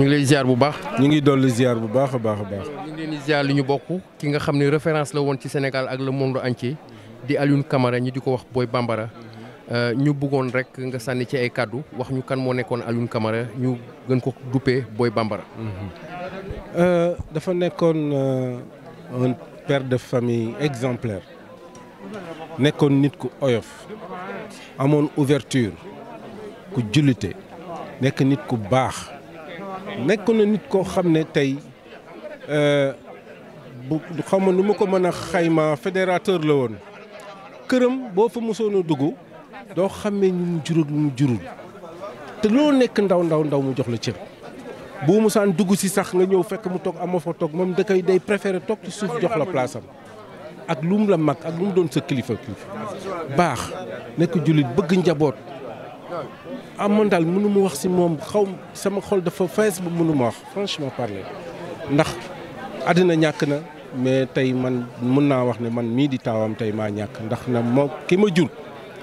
ñu ngi lay ziar bu baax. ñu ngi dolli ziar bu baax a baax a baax. ñu ngi leen di li ñu bokk ki nga xam ne référence la woon ci Sénégal ak le monde ci di Alioune Camara ñi di ko wax Boy Bambara euh, ñu buggoon rek nga sànni ci ay kàddu wax ñu kan moo nekkoon Alioune Camara ñu gën ko duppee booy Bambara. Euh, dafa nekkoon euh, un père de famille exemplaire nekkoon nit ku oyof amoon ouverture ku jullite nekk nit ku baax. nekkoon na nit koo xam ne tey euh, bu xaw ma nu ma ko mën a xayma fédérateur la woon këram boo fa mosoon dugg doo xamee ñu mu jurul lu mu jurul te loo nekk ndaw ndaw ndaw mu jox la cër bu musaan dugg si sax nga ñëw fekk mu toog ama fa toog moom da yi day préféré toog ci suuf jox la place am ak lu mu la mag ak lu mu doon sa kilifa kilifa baax nekk jullit bëgg njaboot am ah, montal mënu mu wax si moom xaw sama xol dafa fees ba mënu ma wax franchement parler ndax àddina ñàkk na mais tey man mën naa wax ne man mii di taawam tey maa ñàkk ndax na moo ki ma jur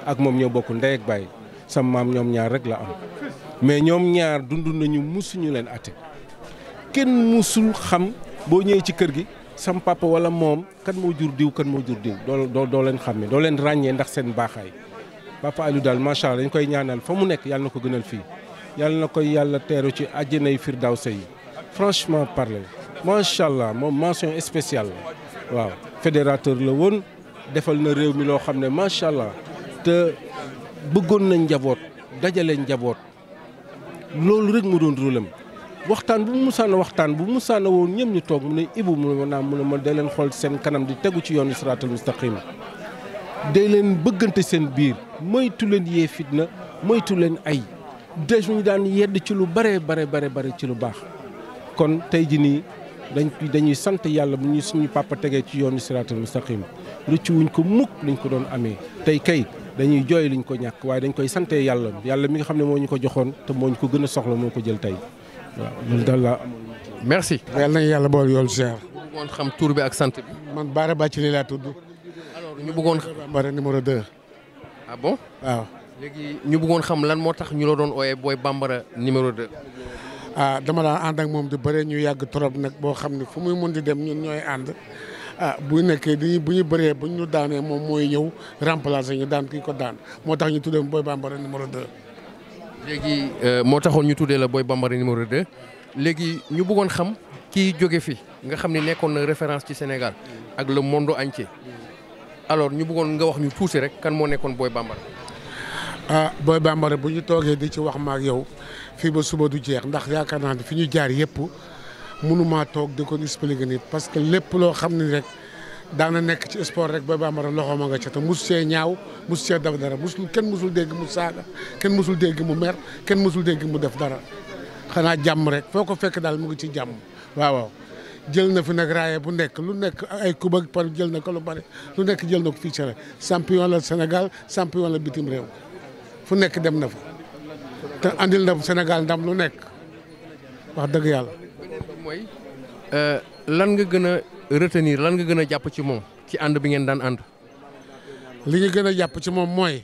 ak moom ñoo bokk ndey ak sama maam ñoom ñaar rek la am mais ñoom ñaar dund nañu musuñu leen atte kenn musul xam boo ñëwee ci kër gi sama papa wala moom kan moo jur diw kan moo jur diw doo doo doo leen xàmme doo leen ràññee ndax seen baaxaay Papa Aliou daal macha allah dañ koy ñaanal fa mu nekk yàlla na ko gënal fii yàlla na koy yàlla teeru ci àjjanay firdawsa yi franchement parler macha allah moom mention spéciale la waaw fédérateur la woon defal na réew mi loo xam ne macha allah te bëggoon na njaboot dajale njaboot loolu rek mu doon rôlam waxtaan bu mu musaana waxtaan bu mu musaana woon ñëm ñu toog mu ne ibu mu ne maanaam mu ne ma da leen xool seen kanam di tegu ci yoonu siraatal mustaqim day leen bëggante seen biir moytu leen yee fitna moytu leen ay des ñu daan yedd ci lu bare bare bare bare ci lu baax kon tey ji nii dañ dañuy sant yàlla bu ñu suñu papa tegee ci yoonu siraatul mustaqim rëccu wuñ ko mukk liñ ko doon amee tey kay dañuy jooy liñ ko ñàkk waaye dañ koy santee yàlla yàlla mi ngi xam ne moo ñu ko joxoon te moo ñu ko gën a soxla moo ko jël tey waaw loolu daal laa merci yàlla nañu yàlla bool yoolu seer moon xam tur bi ak sant bi man Baara Bàcci loolu ñu bëggoon. Bambara numéro 2. ah léegi ñu bëggoon xam lan moo tax ñu la doon ooye booy Bambara numéro de ah dama daan ànd ak moom di bëre ñu yàgg trop nag boo xam ne fu muy mun di dem ñun ñooy ànd. ah bu nekkee di bu ñu bëree bu ñu daanee moom mooy ñëw remplacer ñu daan kii ko daan moo tax ñu tuddee Boy Bambara numéro 2. léegi euh, moo taxoon ñu tuddee la booy Bambara numéro 2 léegi ñu buggoon xam kii jóge fi nga xam ne nekkoon na référence ci Sénégal ak le monde entier. alors ñu bëggoon nga wax ñu tuuti rek kan moo nekkoon Boy Bambara. ah Boy Bambara bu ñu toogee di ci wax maak yow fii ba suba du jeex ndax yaakaar naa ne fi ñu jaar yëpp mënumaa toog di ko expliquer nit parce que lépp loo xam ni rek daana nekk ci sport rek Boy Bambara loxoom a nga ca te mus see ñaaw mus see def dara musul kenn musul dégg mu saaga kenn musul dégg mu mer kenn musul dégg mu def dara xanaa jàmm rek foo ko fekk daal mu ngi ci jàmm waaw waaw. jël na fi nag raaye bu nekk lu nekk ay coupe par jël na ko lu bari lu nekk jël na ko fii cere champion la Sénégal champion la bitim réew fu nekk dem na fa te andil na senegal ndam lu nekk wax dëgg yàlla. mooy euh, lan nga gën a retenir lan nga gën a jàpp ci moom ci ànd bi ngeen daan ànd. li ñu gën a jàpp ci moom mooy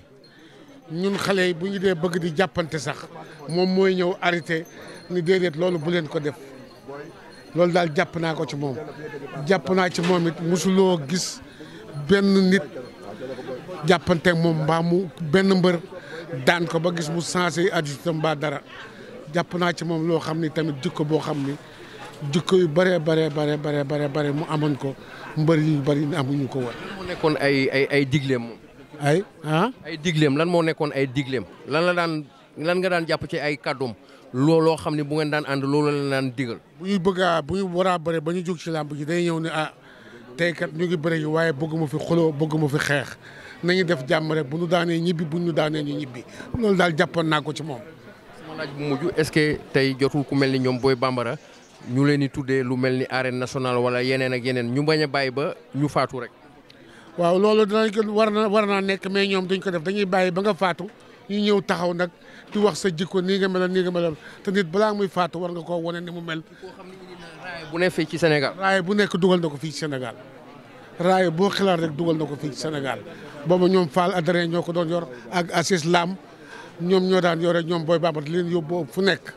ñun xale yi bu ñu dee bëgg di jàppante sax moom mooy ñëw arrêté ni déedéet loolu bu leen ko def. loolu daal jàpp naa ko ci moom jàpp naa ci moom it mosuloo gis benn nit jàppante moom mbaa mu benn mbër daan ko ba gis mu sanse adjustam mbaa dara jàpp naa ci moom loo xam ni tamit jikko boo xam ni jikko yu bëree bare bare bare bare bare mu amoon ko mbër yu bëri amuñu ko war mu nekkoon ay ay ay digleem moom ay ah ay digleem lan moo nekkoon ay digleem lan la daan lan nga daan jàpp ci ay kàddoom loo loo xam ne bu ngeen daan ànd loolu la daan digal. bu ñu bëgg a bu ñu war a bëre ba ñu jóg ci làmb ji day ñëw ne ah tey kat ñu ngi bëre gi waaye bëgguma fi xuloo bëgguma fi xeex nañu def jàmm rek bu ñu daanee ñibbi bu ñu daanee ñu ñibbi loolu daal jàppoon naa ko ci moom. sama laaj bu mujj est-ce que tey jotul ku mel ni ñoom booy Bambara ñu leen di tuddee lu mel ni arène nationale wala yeneen ak yeneen ñu bañ a bàyyi ba ñu faatu rek. waaw loolu danañ ko war war naa nekk mais ñoom duñ ko def dañuy bàyyi ba nga faatu ñu ñëw taxaw nag di wax sa jikko nii nga mel nii nga mel te nit balaa muy faatu war nga koo wane ni mu mel. raay bu nekk ci Sénégal. raay bu nekk dugal na ko fii senegal Sénégal boo xilaat rek dugal na ko fii ci Sénégal boobu ñoom Fall Adrien ñoo ko doon yor ak Assis Lam ñoom ñoo daan yore ñoom booy Bambara di leen yóbbu fu nekk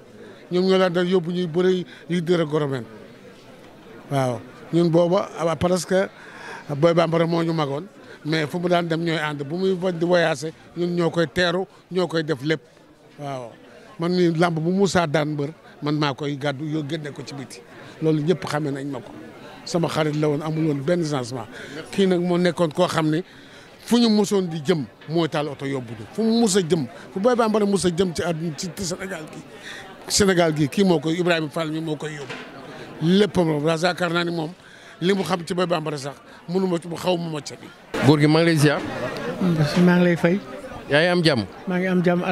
ñoom ñoo daan daan yóbbu ñuy bëre yuy dër a waaw ñun booba ah, parce que Boy moo ñu magoon mais fu mu daan dem ñooy ànd bu muy di voyagé ñun ñoo koy teeru ñoo koy def lépp. waaw man ni làmb bu Moussa daan mbër man maa koy gàddu yoo génne ko ci biti loolu ñëpp xamee nañ ma ko sama xarit la woon amul woon benn changement kii nag moo nekkoon koo xam ne fu ñu mosoon di jëm mooy taal oto yóbbu ñu fu mu mos a jëm fu Boy Bambara mos a jëm ci àdduna ci Sénégal gi Sénégal gi kii moo koy Ibrahima Fall mi moo koy yóbbu lépp moom yaakaar naa ni moom li mu xam ci Boy Bambara sax mënu ma mu xaw ma ma bi góor gi maa ngi lay ziar. maa ngi lay fay. yaa am jàmm. maa ngi am jàmm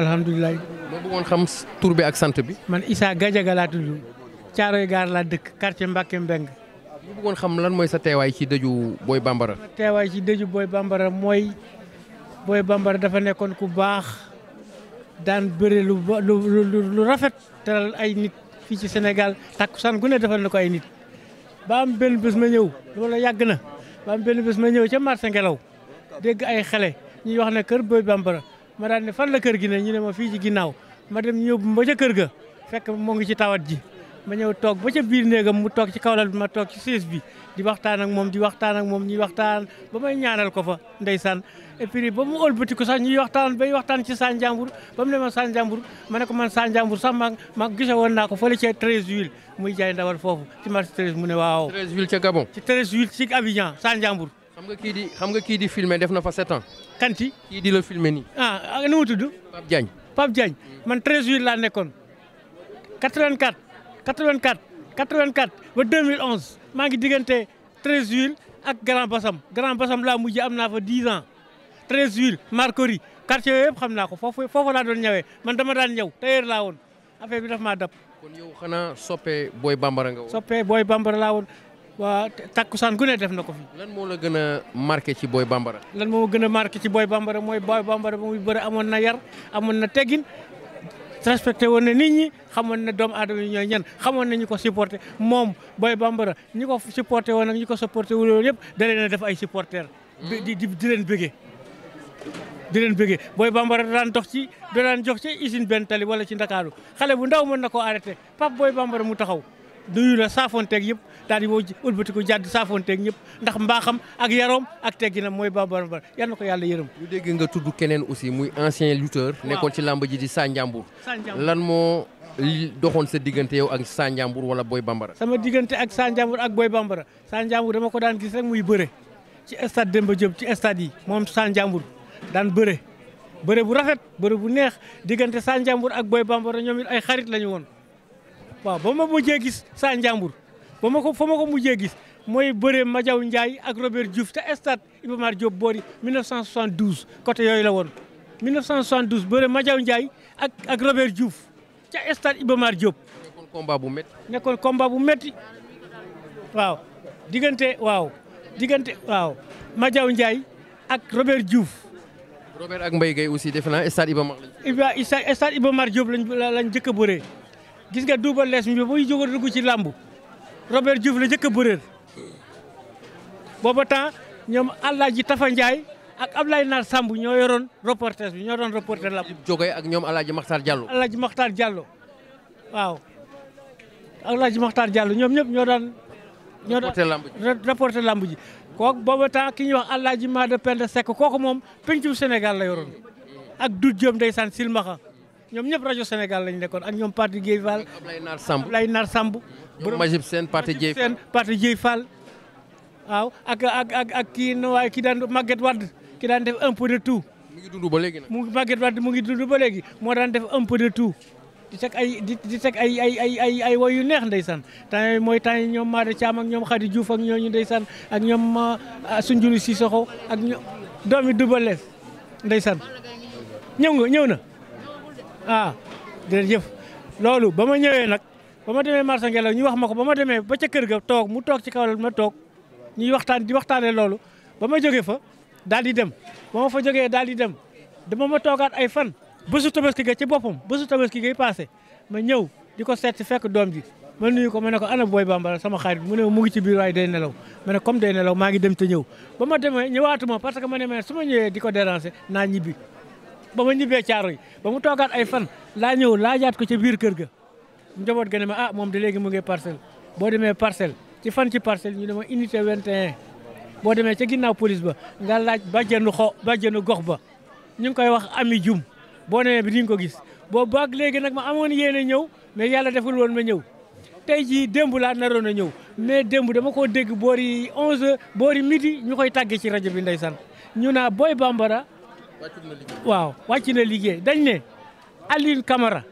ma bëggoon xam tur bi ak sant bi. man Issa Gadiaga laa tudd Caaroy Gaar laa dëkk karti Mbacke Mbeng ma bëggoon lan mooy sa teewaay ci dëju Boy Bambara. teewaay ci dëju Boy Bambara mooy Boy Bambara dafa nekkoon ku baax daan bëre lu lu lu rafet teral ay nit fii ci Sénégal takkusaan gu ne defal na ko ay nit. ba am benn bés ma ñëw loolu yàgg na ba am benn bés ma ñëw ca marché ngelaw dégg ay xale ñuy wax ne kër Boy Bambara ma daan ne fan la kër gi ne ñu ne ma fii ci ginnaaw ma dem yóbbu ba ca kër ga fekk moo ngi ci tawat ji ma ñëw toog ba ca biir néegam mu toog ci kawlal bi ma toog ci siis bi di waxtaan ak moom di waxtaan ak moom ñuy waxtaan ba may ñaanal ko fa ndeysaan et puis ba mu ëlbati ko sax ñuy waxtaan bay waxtaan ci Sanjambur ba mu ne ma Sanjambur ma ne ko man Sanjambur sax ma ma gise woon naa ko fële ci Treichville muy jaay ndawal foofu ci marché Treichville mu ne waaw. Treichville ca Gabon. ci Treichville ci Abidjan Sanjambur. xam nga kii di xam nga kii di def na fa sept ans. kanti kii la filmé nii. Ah, ah nu mu tudd. Pape Diagne. Pape Diagne man trésorier laa nekkoon 84 84 84 ba 2011 maa ngi diggante trésorier ak Grand Bassam Grand Bassam laa mujj am naa fa 10 ans trésorier Marcory quartier yooyu yëpp xam naa ko foofu foofu laa doon ñëwee man dama daan ñëw tailleur laa woon affaire bi daf maa dab. kon yow xanaa soppe booy bambara nga woon. soppe booy bambara laa woon waa takkusaan gu ne def na ko fi. lan moo la gën a marqué ci Boy Bambara. lan moo gën a marqué ci booy Bambara mooy Boy Bambara ba muy bëre amoon na yar amoon na teggin respecté woon na nit ñi xamoon na doomu aadama yi ñooy ñan xamoon na ñu ko supporté moom Boy Bambara ñi ko supporté woon nag ñi ko supporté wu loolu yëpp da leen def ay supporters. di di di leen bëggee di leen bëggee Boy Bambara daan dox ci daan jox ci usine benn tali wala ci Ndakaaru xale bu ndaw mën na koo arrêté Pape Boy Bambara mu taxaw. nuyu la saafonteeg yëpp daal di woo ëlbati ko jàdd saafonteeg ñëpp ndax mbaaxam ak yaroom ak tegginam mooy bambara bar yal ko yàlla yërëm ñu dégg nga tudd keneen aussi muy ancien lutteur nekkoon ci làmb ji di Sa Ndiambour lan moo doxoon sa diggante yow ak Sa Ndiambour wala Boy Bambara sama diggante ak Sa Ndiambour ak booy Bambara Sa dama ko daan gis rek muy bëre ci stade Demba Diop ci stade yi moom Sa Ndiambour daan bëre bëre bu rafet bëre bu neex diggante Sa ak Boy Bambara ñoom ay xarit lañu woon waaw ba ma mujjee gis saa njàmbur ba ma ko fa ma ko mujjee gis mooy bëre Madiaw Ndiaye ak Robert Diouf te stade Iba Mar boori 1972 côté yooyu la woon 1972 bëre Madiaw Ndiaye ak ak Robert ca stade Iba Mar Diop. nekkoon combat bu métti. nekkoon combat bu waaw diggante waaw diggante waaw ak Robert Diouf. Robert ak Mbaye Gueye aussi defe naa stade Iba Mar. Iba stade Iba Mar Diop lañ lañ njëkk a bëree. gis nga Double Less mi buy jóg dugg ci làmb Robert Diouf la njëkk a bëreel booba temps ñoom Alaaji Tafa Ndiaye ak Ablaye Naar Samb ñoo yoroon reporter bi ñoo doon reporter làmb. jógee ak ñoom Alaaji Makhtar Diallo. Alaaji Makhtar Diallo waaw Alaaji Makhtar Diallo ñoom ñëpp ñoo daan. ñoo daan reporter làmb ji kooku booba temps ki ñuy wax Alaaji Maada Penda Seck kooku moom pencum Sénégal la yoroon ak Doudou Diop ndeysaan Silmaxa ñoom ñëpp rajo Sénégal lañ nekkoon ak ñoom parti Guèye Fall. Ablaye Nar Samb Ablaye Nar Samb. ñoom Majib Sène parti Guèye Fall Majib Sène parti Guèye ak ak ak ak kii nu waaye ki daan Maguette Wade ki daan def un peu de tout. mu ngi dund ba léegi nag mu Maguette Wade mu ngi dund ba léegi moo daan def un peu de tout. di teg ay di di teg ay ay ay ay ay woy yu neex ndeysaan temps yooyu mooy temps yi ñoom Maada Thiam ak ñoom xadi Diouf ak ñooñu day san ak ñoom ah, Sunjuru Sissoko ak ñoom doomi Double day ndeysaan ñëw nga ñëw na. ah jërëjëf loolu ba ma ñëwee nag ba ma demee marché ngelaw ñu wax ma ko ba ma demee ba ca kër ga toog mu toog ci kaw la ma toog ñuy waxtaan di waxtaanee loolu ba ma jógee fa daal di dem ba ma fa jógee daal di dem dama ma toogaat ay fan bésu tabaski ga ci boppam bésu tabaski gay passé ma ñëw di ko seet si fekk doom ji ma nuyu ko ma ne ko ana booy bambara sama xarit mu ne mu ngi ci biir waaye day nelaw ma ne comme day nelaw maa ngi dem te ñëw ba ma demee ñëwaatuma parce que ma su ma ñëwee di ko déranger ba ma ñibbee caaro yi ba mu toogaat ay fan laa ñëw laajaat ko ca biir kër ga njaboot ga ne ma ah moom de léegi mu ngi parcelle boo demee parcelle ci fan ci parcelle ñu ne ma unité 21 boo demee ca ginnaaw police ba nga laaj bàjjenu xo bàjjenu gox ba ñu ngi koy wax ami jum boo demee bi di ko gis boo baag léegi nag ma amoon yéene ñëw mais yàlla deful woon ma ñëw tey jii démb laa naroon a ñëw mais démb dama koo dégg boo boori 11h boori midi ñu koy tàggee ci rajo bi ndeysaan waaw wàcc na liggéey dañ ne Aline Camara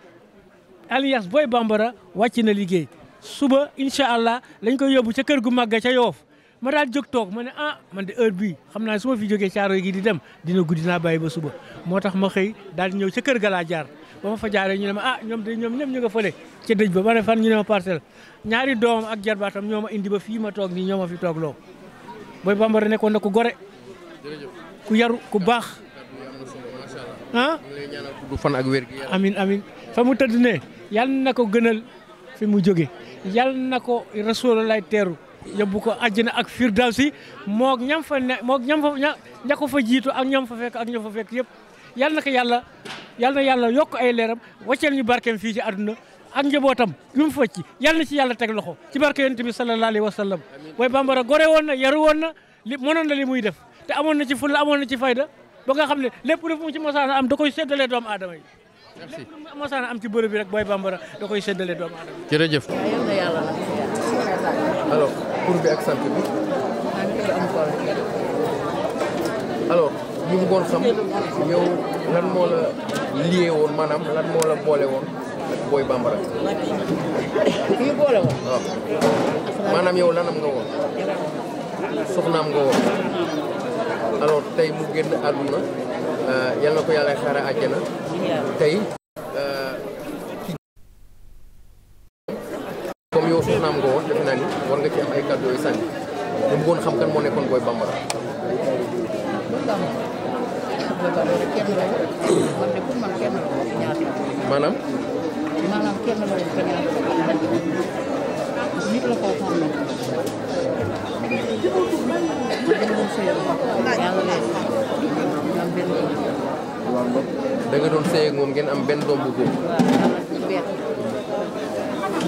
alias Boy Bambara wàcc na liggéey suba incha allah lañ koy yóbbu ca kër gu màgg ca yoof ma daal jog toog ma ne ah man de heure bii xam naa su ma fi jógee caaro gi di dem dina guddi naa bàyyi ba suba moo tax ma xëy daal di ñëw ca kër ga laa jaar ba ma fa jaaree ñu ne ma ah ñoom de ñoom ñëpp ñu nga fële ca dëj ba ma fan ñu ne ma parcelle ñaari doomam ak jarbaatam ñoo ma indi ba fii ma toog nii ñoo ma fi toog loo Boy Bambara ah. fan ak wér gi amin amin fa mu tëdd ne yal na ko gënal fi mu jóge yal na ko rasulullah teeru yóbbu ko àjjana ak firdawsi moog ñam fa ne moog ñam fa ña ko fa jiitu ak ñam fa fekk ak ñam fa fekk yëpp yal na ko yàlla yal na yàlla yokk ay leeram wàcceel ñu barkeem fii ci àdduna ak njabootam yu mu focc yal na ci yàlla teg loxo ci barke yonent bi sallallahu alayhi wa sallam. booy bambara gore woon na yaru woon na li mënoon na li muy def te amoon na ci fulla amoon na ci fayda. ba nga xam ne lépp lu mu ci mosaana am da koy séddalee doomu aadama merci mosaana am ci bërëb bi rek booy bambara da koy séddalee doomu aadama yi. jërëjëf. alors pour bi ak sant bi. alors ñu bëggoon xam yow lan moo la lié woon lan moo la boole ak booy bambara. ñu boole woon. waaw lanam nga woon soxnaam nga woon. alors tey mu génn àdduna euh, yal na ko yàlla xaare àjjana tey ngeen am benn doom bu góor.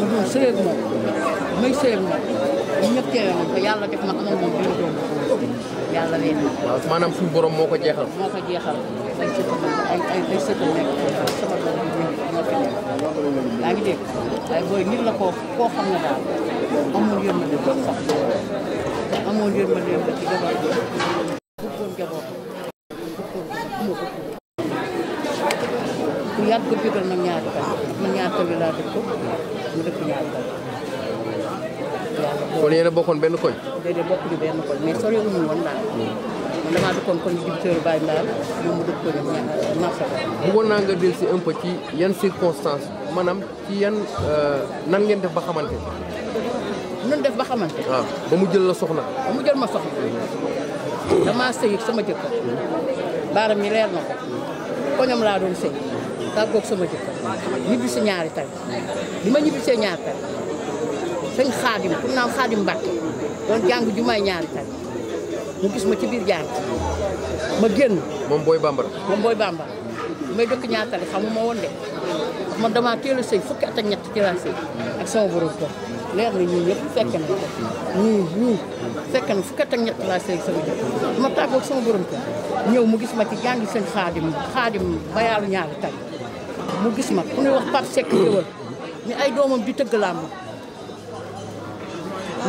waaw sëy ak moom may moom ñëpp teewe moom moom yàlla ween waaw maanaam suñu borom moo ko jeexal moo ko jeexal ay sëkk nekk moo fi nekk yaa ngi dégg waaye booy nit la koo koo xam ne daal amoon yërmande sax amoon yërmande ci jabar kër gi doon man ñaari fan man ñaari fan laa dëkk mu dëkk ñaari fan. kon yéen a bokkoon benn koñ. déedéet bokkuñu benn koñ mais sori wuñu woon daal. man damaa naa nga dellusi un ci yan circonstances maanaam ci yan euh, nan ngeen def ba xamante. nun def ba xamante. waaw ah, ba mu jël la soxna. ba mu ma soxna. damaa sëy sama jëkkër. baaram mi leer na ko. koñam laa doon sëy. tàggoog sama jëkkër ñibbi si ñaari tali bi ma ñibbi see ñaari tali sëñ xaadim pour naan xaadim Mbàkke doon jàng jumaay ñaari tali mu gis ma ci biir jàng ma génn. moom booy bambara. moom booy bambara may dëkk ñaari ma xamuma woon de ndax man damaa teel a sëy fukki at ak ñett ci laa sëy ak sama borom kër leer na ñun ñëpp fekk na ko ñun ñun fekk na fukki at ak ñett laa sëy sama jëkkër ma tàggoog sama ñëw mu gis ma ci jàng sëñ xaadim xaadim bayaalu ñaari tali. mu gis ma ku ñuy wax Pape Seck Géwël ni ay doomam di tëgg làmb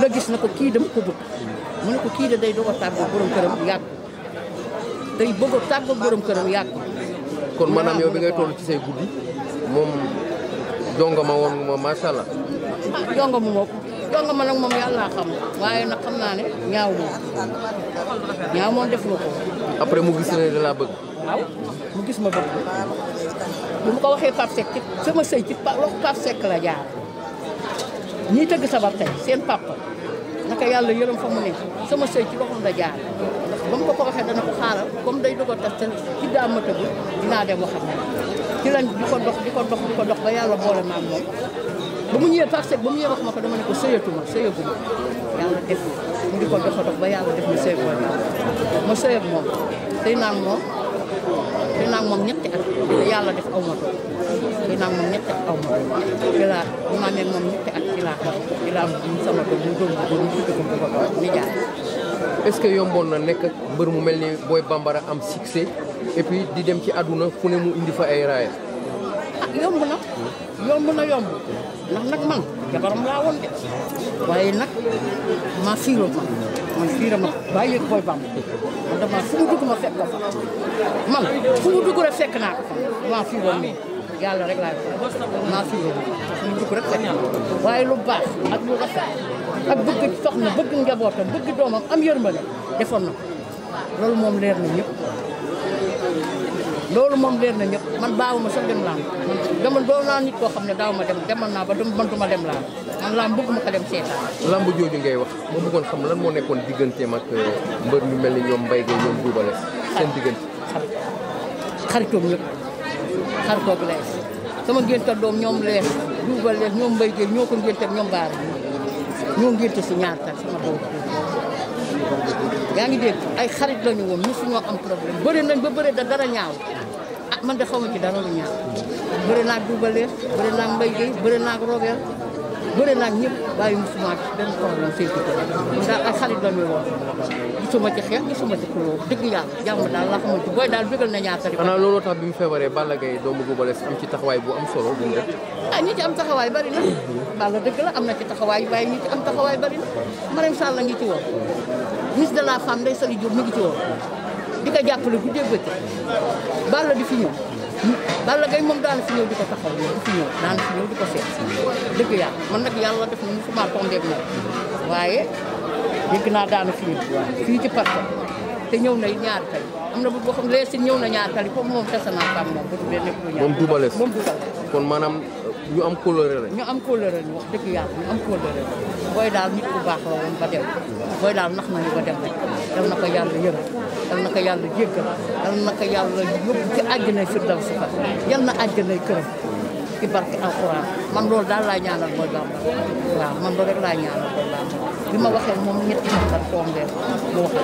la gis na ko kii dama ko bëgg mu ne ko kii de day doog a tàggoo borom këram yàgg day bëgg a tàggoo borom këram yàgg kon maanaam ah, yow bi ngay toll ci say guddi moom jonga ma woon ma macha allah. jonga ma nag moom yàlla xam waaye nag xam naa ne ñaaw moom ñaaw moom def ko. après mu gis ne da laa bëgg. mu gis ma bëgg. bu ma ko waxee Pape Seck sama sëy ci loxo la jaar ñii tëgg sabar tey seen papa naka yàlla yërëm fa mu ne sama sëy ci loxoom la jaar ndax ba mu ko ko waxee dana ko xaaral comme day dogo tas te ci ma dem waxam di ko dox di ko dox ko dox ba yàlla ba mu ñëwee Pape ba mu ñëwee wax ma ko dama ne ko sëyatuma sëyaguma yàlla def mu di ko a ba yàlla def ma sëy ma sëy ak moom sëy naan moom fi naag moom ñetti at yàlla moom ñetti at aw ma doom moom ñetti at fi fi laa sama doom mu doom mu tudd ko bu ko doon ni jaay est-ce que yomboon na nekk ak mu mel ni Boy am succès di dem ci àdduna fu ne mu indi fa ay raaya ah yomb na yomb na yomb ndax nag man jabaram laa woon de waaye nag ma fiiram ma man fiiram ma bàyyi Boy Bambara man dama fu mu dugg ma fekk ko fa man fu mu dugg rek fekk naa ko fa maa fi woon nii yàlla rek laay wax maa fi woon fu mu dugg rek fekk waaye lu baax ak lu rafet ak bëgg soxna bëgg njabootam bëgg doomam am yërmande defoon na loolu moom leer na ñëpp. loolu moom leer na ñëpp man baawuma sax dem laam dama doon a nit koo xam ne daaw ma dem demal naa ba du man duma dem laam man laam bëgguma ko dem seetaan lamb jooju ngay wax ma bëggoon xam lan moo nekkoon digganteem ak euh, mbër ñu mel ni ñoom Mbaye Gueye ñoom duubale seen diggante xaritoom yëpp xaritoog doom ñoom lees duubal lees ñoom Mbaye Gueye ñoo ko ngénta ñoom baar ñoo ngénta si ñaar tak sama doom yaa ngi dégg ay xarit lañu woon ñu suñoo am problème bëri nañ ba bëri da dara ñaaw ah man de xaw ci dara lu ñaaw bëri naa duubalees bëri naa mbay gi bëri naa robeel bëri ñëpp bàyyi musuma ci benn problème seen la ñuy wax gisuma ci xeex gisuma ci dëgg yàlla jàmm daal laa xamante booy daal bégal na ñaar tari xanaa looloo tax bi mu feebaree Balla doomu duubalees am ci taxawaay bu am ah, ñi ci am taxawaay bari na Balla am na ci taxawaay waaye ñi ci am taxawaay bari na de la femme Ndeye mi ngi ci woon di ko jàppale bu dégg bëccëg Balla di fi ñëw Balla Gaye moom daal di fi ñëw di ko taxaw di fi ñëw daal fi ñëw di ko seet dëgg yàlla man nag yàlla def na musuma tombeeg moom waaye dégg naa daanu fi ñëw fii ci parc te ñëw na ñaar kay am na boo xam ne lees ñëw na ñaar kali foofu moom tasa naa femme bu dul nekk du ñaar moom dubales moom dubales kon maanaam euh, ñu am kóllëre ñu am kóllëre lañ wax dëgg yàlla ñu am kóllëre booy daal nit ku baax la woon ba dem booy daal nax nañu ba dem rek dal na ko yàlla yërëm dal na ko yàlla jéggal dal na ko yàlla yóbbu ci àjjanay firdaw si fa yal na àjjanay këram ci barke alxuraan man loolu daal laa ñaanal booy bamba waaw man loolu rek laa ñaanal booy bamba bi ma waxee moom ñetti fan la tombé mu wax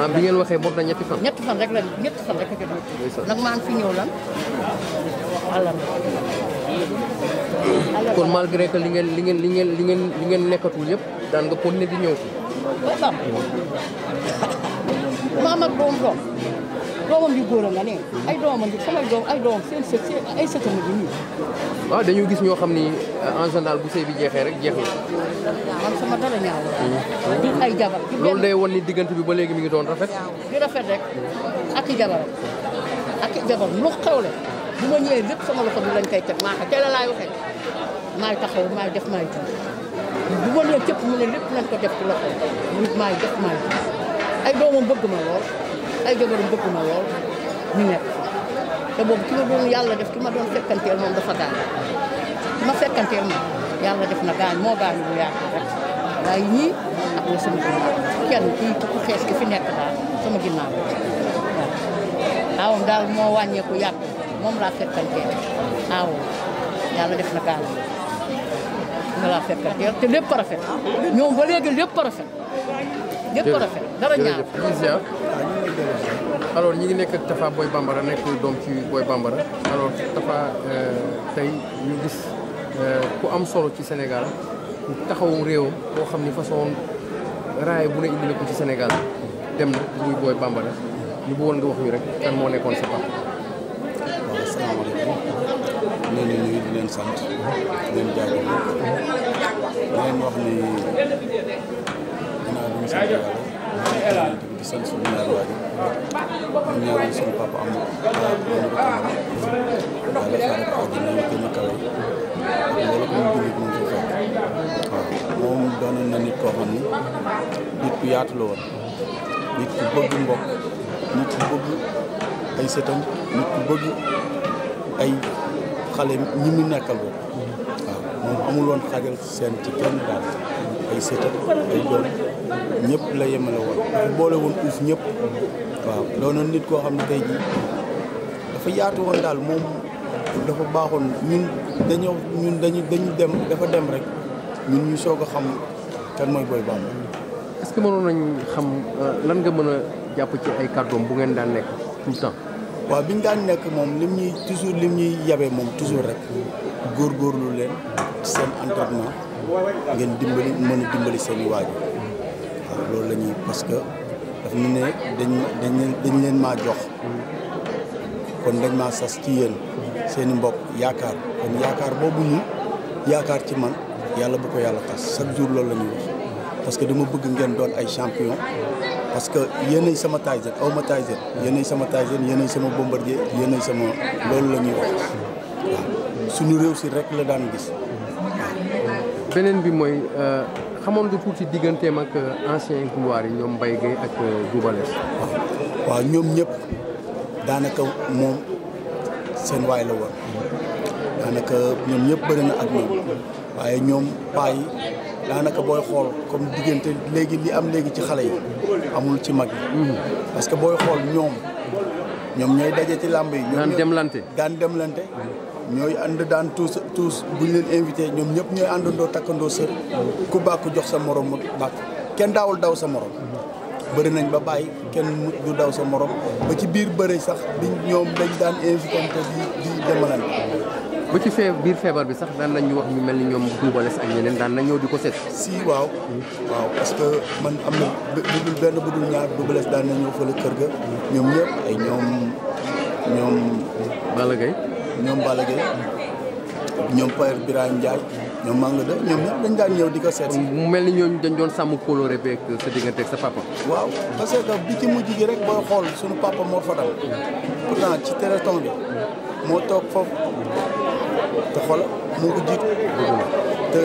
ah bi ngeen waxee moom la ñetti fan ñetti fan rek la ñetti fan rek a jot nag maan fi ñëw lan alam kon malgré que li ngeen li ngeen li ngeen li ngeen li ngeen nekkatul yëpp daan nga continuer di ñëw fi. ba maam ak doom doom doomam yu góor a nga ne ay doomam bi samay doom ay doom seen sët seen bi nii. waaw ah, dañoo gis ñoo xam ni euh, en général bu sëy bi jeexee rek jeex na. man sama dara ñaaw hmm. di ay jabar. loolu day won ni diggante bi ba léegi mi ngi doon rafet. di rafet rek ak i jabar ak i bu ma ñëwee lépp sama loxo bi lañ kay teg maa xam teel a laay waxee maay taxaw maay def maay ji bu ma ñëwee cëpp mu ne lépp nañ ko def ci loxo nit maay def maay ji ay doomam bëgg ma lool ay jabaram bëgg ma lool ñu nekk te boobu def ki ma doon fekkanteel moom dafa gaañ ma fekkanteel moom yàlla def na gaañ moo gaañu bu yàgg rek waaye ñii ak la sama ginnaaw kenn ku xees ki fi nekk daal sama ginnaaw waaw daal moo wàññeeku yàgg moom laa fekkal teel aawoo yàlla def na gaal nga laa fekkal te lépp rafet ñoom ba léegi lépp rafet lépp rafet dara ñaar alors ñi ngi nekk ak Tafa Boy Bambara nekk doom ci Boy Bambara alors Tafa euh, tey ñu gis euh, ku am solo ci senegaal ku taxawu réewam koo xam ni façon raay bu ne indi ko ci Sénégal dem na muy Boy Bambara ñu bëggoon nga wax ñu rek kan moo nekkoon sa papa leen sant leen jaajëfal di sant suñu ñaari waajur ñu ñaanal suñu papa am na yàlla xaaral ko àddina yu gën a kawe loolu ko moom fekk na nit koo xam ni nit ku yaatu la woon nit ku bëgg mbokk nit ku bëgg ay sëtam nit ku bëgg ay xale ñi mu nekkal boobu waaw moom amul woon xajal seen ci kenn daal ay sëtam ay doom ñëpp la yemale woon dafa boole woon uuf ñëpp waaw doonoon nit koo xam ne tey jii dafa yaatu woon daal moom dafa baaxoon ñun dañoo ñun dañu dem dafa dem rek ñun ñu soog a xam kenn mooy Boy Bambou est-ce que mënoon nañ xam euh, lan nga mën a jàpp ci ay kàddoom bu ngeen daan nekk tout temps waaw bi ñu daan nekk moom li lim ñuy toujours mu ñuy yabee moom toujours rek góorgóorlu leen seen entraînement ngeen dimbali mën a dimbali seen i waajur waaw loolu la ñuy parce que daf ñu ne dañ dañu dañ leen maa jox kon dañ maa sas ci yéen seen i mbokk yaakaar kon yaakaar boobu ñu yaakaar ci man yàlla bu ko yàlla tas chaque jour loolu la ñuy wax parce que dama bëgg ngeen doon ay champion parce que yéenay sama Tyson aw ma Tyson yéenay sama Tyson yéenay sama bombardier yéenay sama loolu la ñuy waaw suñu réew si rek la daan gis waaw bi mooy euh, xamoon nga si digganteem ak euh, ancien couloir yi ñoom Mbaye Gueye ak Double euh, Less waaw ñoom ñëpp daanaka moom seen waay la woon daanaka ñoom ñëpp bëri na ak ñoom waaye ñoom paa daanaka booy xool comme diggante léegi li am léegi ci xale yi amul ci mag yi mhm. parce que booy xool ñoom ñoom ñooy daje ci làmb yi daan demlante daan demlante ñooy ànd daan tous tous bu leen invité ñoom ñëpp ñooy àndandoo takkandoo sër mhm. ku bàkku jox sa morom mu bàkk kenn daawul daw sa moroom mhm. bëri nañ ba bàyyi kenn mu du daw sa morom ba ci biir bëri sax di ñoom dañ daan invité te di di demalante bu ci fee biir feebar bi sax daan nañu wax ñu mel ni ñoom duubales ak ñeneen daan nañ ñëw di ko seet. si waaw. waaw parce que man am na budul benn budul ñaar duubales daan nañ ñëw fële kër ga. ñoom ñëpp ay ñoom ñoom. ñoom Balla Gaye ñoom Père Birahim ñoom maa ngi la ñoom ñëpp dañ daan ñëw di ko seet. mu mel ni ñooñu dañ doon sàmm kóolóore beeg sa diggante ak sa papa. waaw parce que bi ci mujj gi rek booy xool suñu papa moo fa dal. pourtant ci téléthon bi moo toog foofu. te xol moo ko te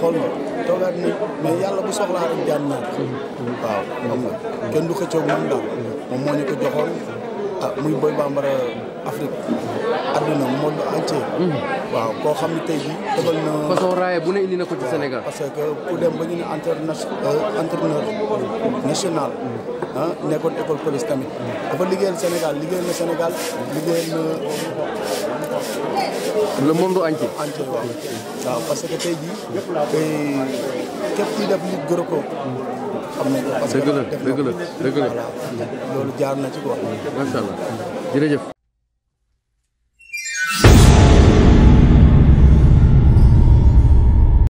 xool nga toogaat na mais yàlla bu soxlaa ak jàmm ñaar kenn du xëccoog moom daal moom moo ñu ko joxoon ah muy Boy Bambara Afrique adduna monde entier waaw koo xam ne tey jii defal na façon raaye bu ne indi na ko ci Sénégal parce que ku dem ba ñu ne euh, entraîneur national ah nekkoon école police tamit dafa liggéeyal Sénégal liggéeyal na Sénégal liggéeyal na le monde entier. entier waaw waaw parce que tey jii. tey képp kuy def nit gërëm ko. xam nañ ko parce que dëgg la dëgg jaar na ci quoi.